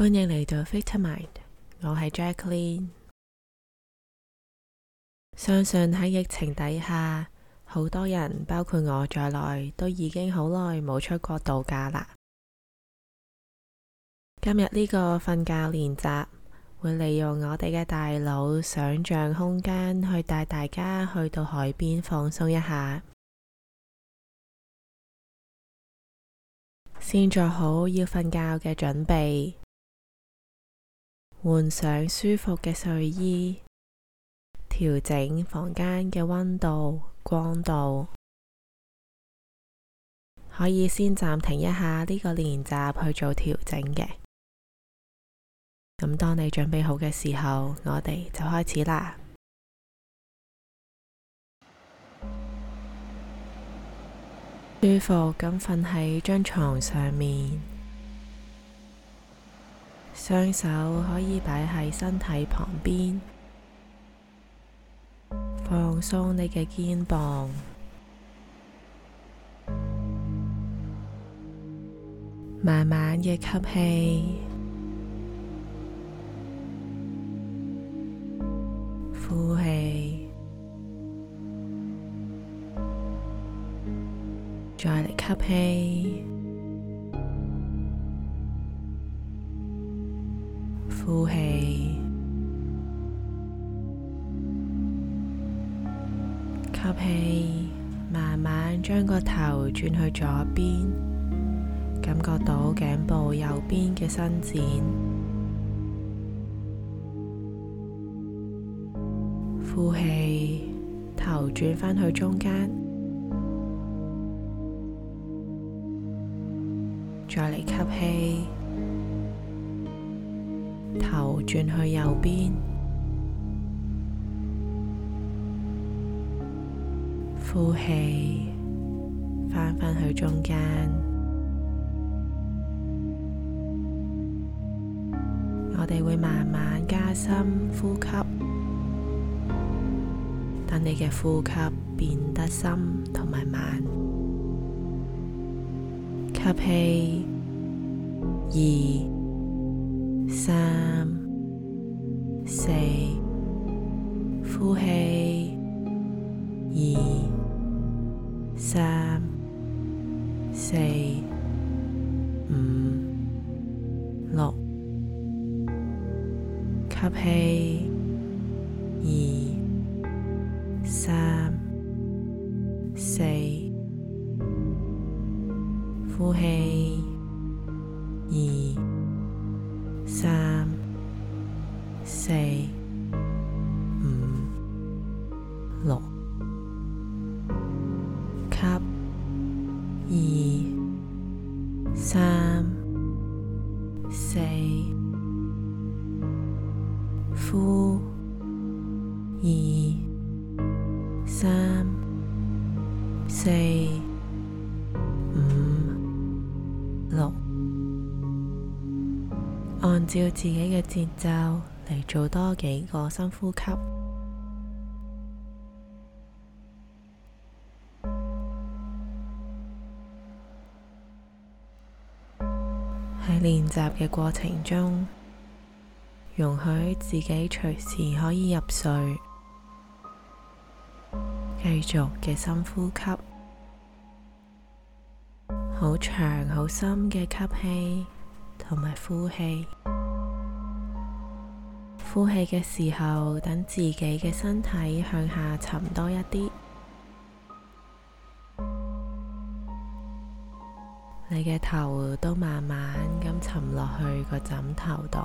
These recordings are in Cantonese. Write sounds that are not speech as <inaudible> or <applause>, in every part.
歡迎嚟到 Vitamind，我係 Jaclyn。相信喺疫情底下，好多人包括我在內都已經好耐冇出過度假啦。今日呢個瞓覺練習會利用我哋嘅大腦想象空間，去帶大家去到海邊放鬆一下，先做好要瞓覺嘅準備。換上舒服嘅睡衣，調整房間嘅溫度、光度，可以先暫停一下呢個練習去做調整嘅。咁當你準備好嘅時候，我哋就開始啦。舒服咁瞓喺張床上面。雙手可以擺喺身體旁邊，放鬆你嘅肩膀，慢慢嘅吸氣，呼氣，再嚟吸氣。呼氣，吸氣，慢慢將個頭轉去左邊，感覺到頸部右邊嘅伸展。呼氣，頭轉返去中間，再嚟吸氣。頭轉去右邊，呼氣，翻返去中間。我哋會慢慢加深呼吸，等你嘅呼吸變得深同埋慢。吸氣，二。三四，呼氣。二三四五六，吸氣。吸二三四，呼二三四五六。按照自己嘅節奏嚟做多幾個深呼吸。練習嘅過程中，容許自己隨時可以入睡，繼續嘅深呼吸，好長好深嘅吸氣同埋呼氣。呼氣嘅時候，等自己嘅身體向下沉多一啲。你嘅頭都慢慢咁沉落去個枕頭度，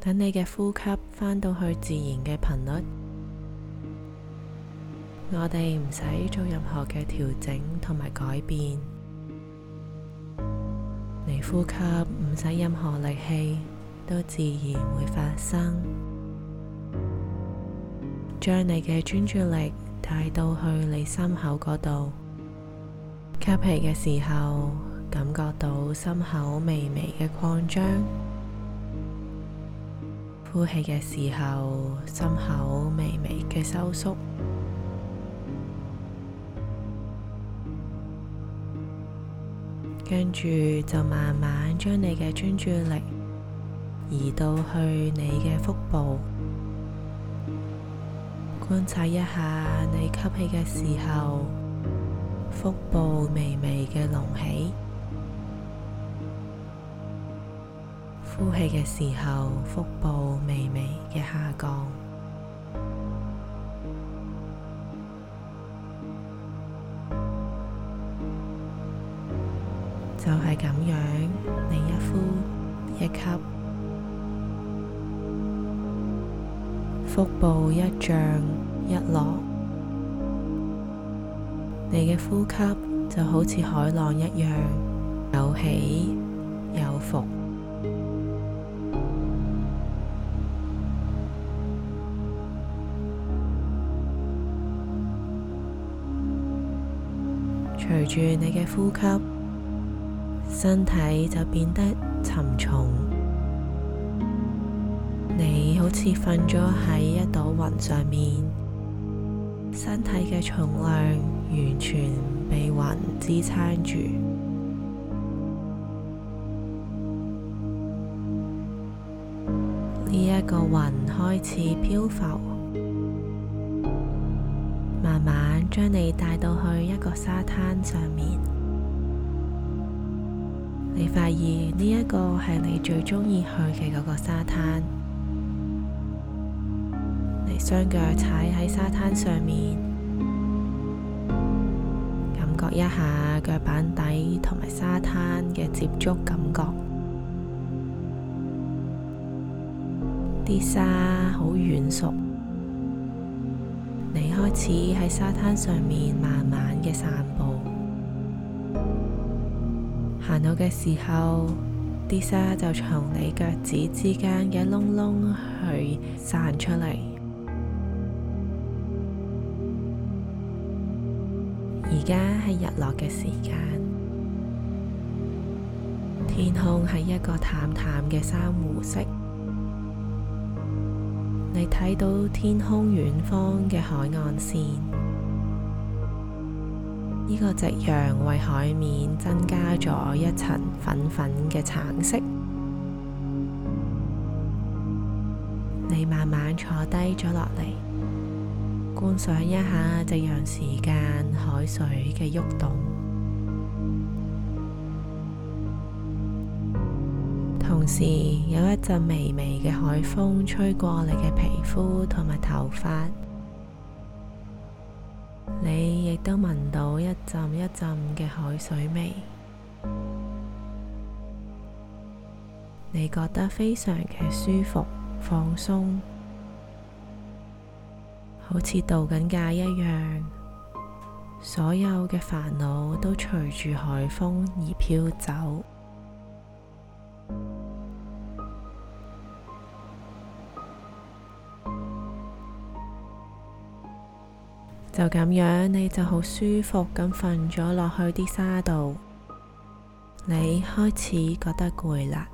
等你嘅呼吸返到去自然嘅頻率，我哋唔使做任何嘅調整同埋改變，你呼吸唔使任何力氣都自然會發生，將你嘅專注力。帶到去你心口嗰度，吸氣嘅時候感覺到心口微微嘅擴張，呼氣嘅時候心口微微嘅收縮，跟住就慢慢將你嘅專注力移到去你嘅腹部。觀察一下你吸氣嘅時候，腹部微微嘅隆起；呼氣嘅時候，腹部微微嘅下降。就係咁樣，你一呼一吸。腹部一漲一落，你嘅呼吸就好似海浪一樣，有起有伏。隨住你嘅呼吸，身體就變得沉重。你。好似瞓咗喺一朵雲上面，身體嘅重量完全被雲支撐住。呢、這、一個雲開始漂浮，慢慢將你帶到去一個沙灘上面。你發現呢一個係你最鍾意去嘅嗰個沙灘。雙腳踩喺沙灘上面，感覺一下腳板底同埋沙灘嘅接觸感覺。啲沙好軟熟，你開始喺沙灘上面慢慢嘅散步，行到嘅時候，啲沙就從你腳趾之間嘅窿窿去散出嚟。係日落嘅時間，天空係一個淡淡嘅珊瑚色。你睇到天空遠方嘅海岸線，呢個夕陽為海面增加咗一層粉粉嘅橙色。你慢慢坐低咗落嚟。觀賞一下夕陽時間，海水嘅喐動，動，同時有一陣微微嘅海風吹過你嘅皮膚同埋頭髮，你亦都聞到一陣一陣嘅海水味，你覺得非常嘅舒服放鬆。好似度緊假一樣，所有嘅煩惱都隨住海風而飄走。 <music> 就咁樣，你就好舒服咁瞓咗落去啲沙度。你開始覺得攰啦。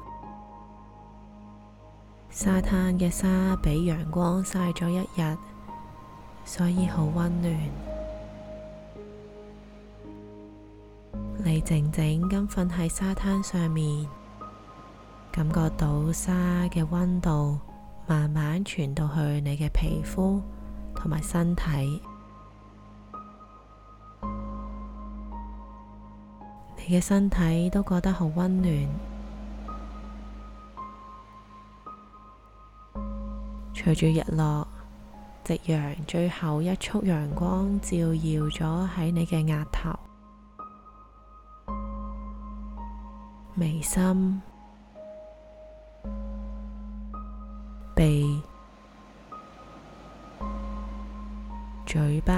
沙灘嘅沙俾陽光曬咗一日。所以好溫暖，你靜靜咁瞓喺沙灘上面，感覺到沙嘅溫度慢慢傳到去你嘅皮膚同埋身體，你嘅身體都覺得好溫暖，隨住日落。夕陽最後一束陽光照耀咗喺你嘅額頭、眉心、鼻、嘴巴、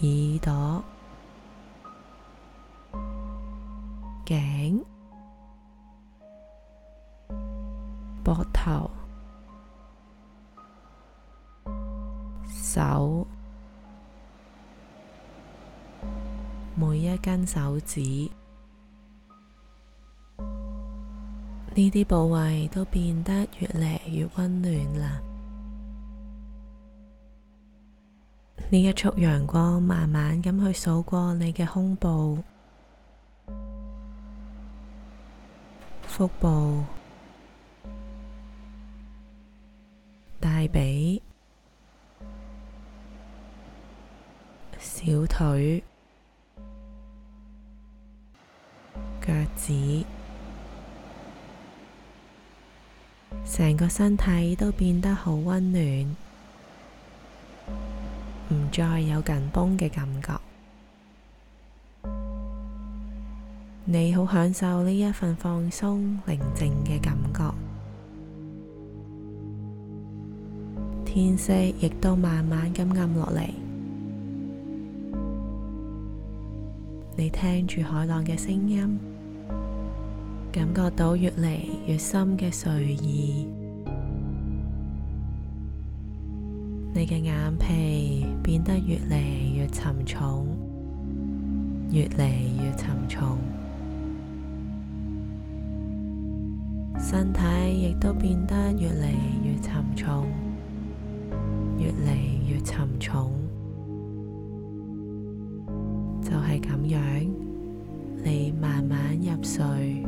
耳朵。每一根手指，呢啲部位都變得越嚟越溫暖啦。呢一束陽光慢慢咁去掃過你嘅胸部、腹部、大髀、小腿。成個身體都變得好温暖，唔再有緊繃嘅感覺。你好享受呢一份放鬆、寧靜嘅感覺。天色亦都慢慢咁暗落嚟，你聽住海浪嘅聲音。感覺到越嚟越深嘅睡意，你嘅眼皮變得越嚟越沉重，越嚟越沉重，身體亦都變得越嚟越沉重，越嚟越沉重，就係咁樣，你慢慢入睡。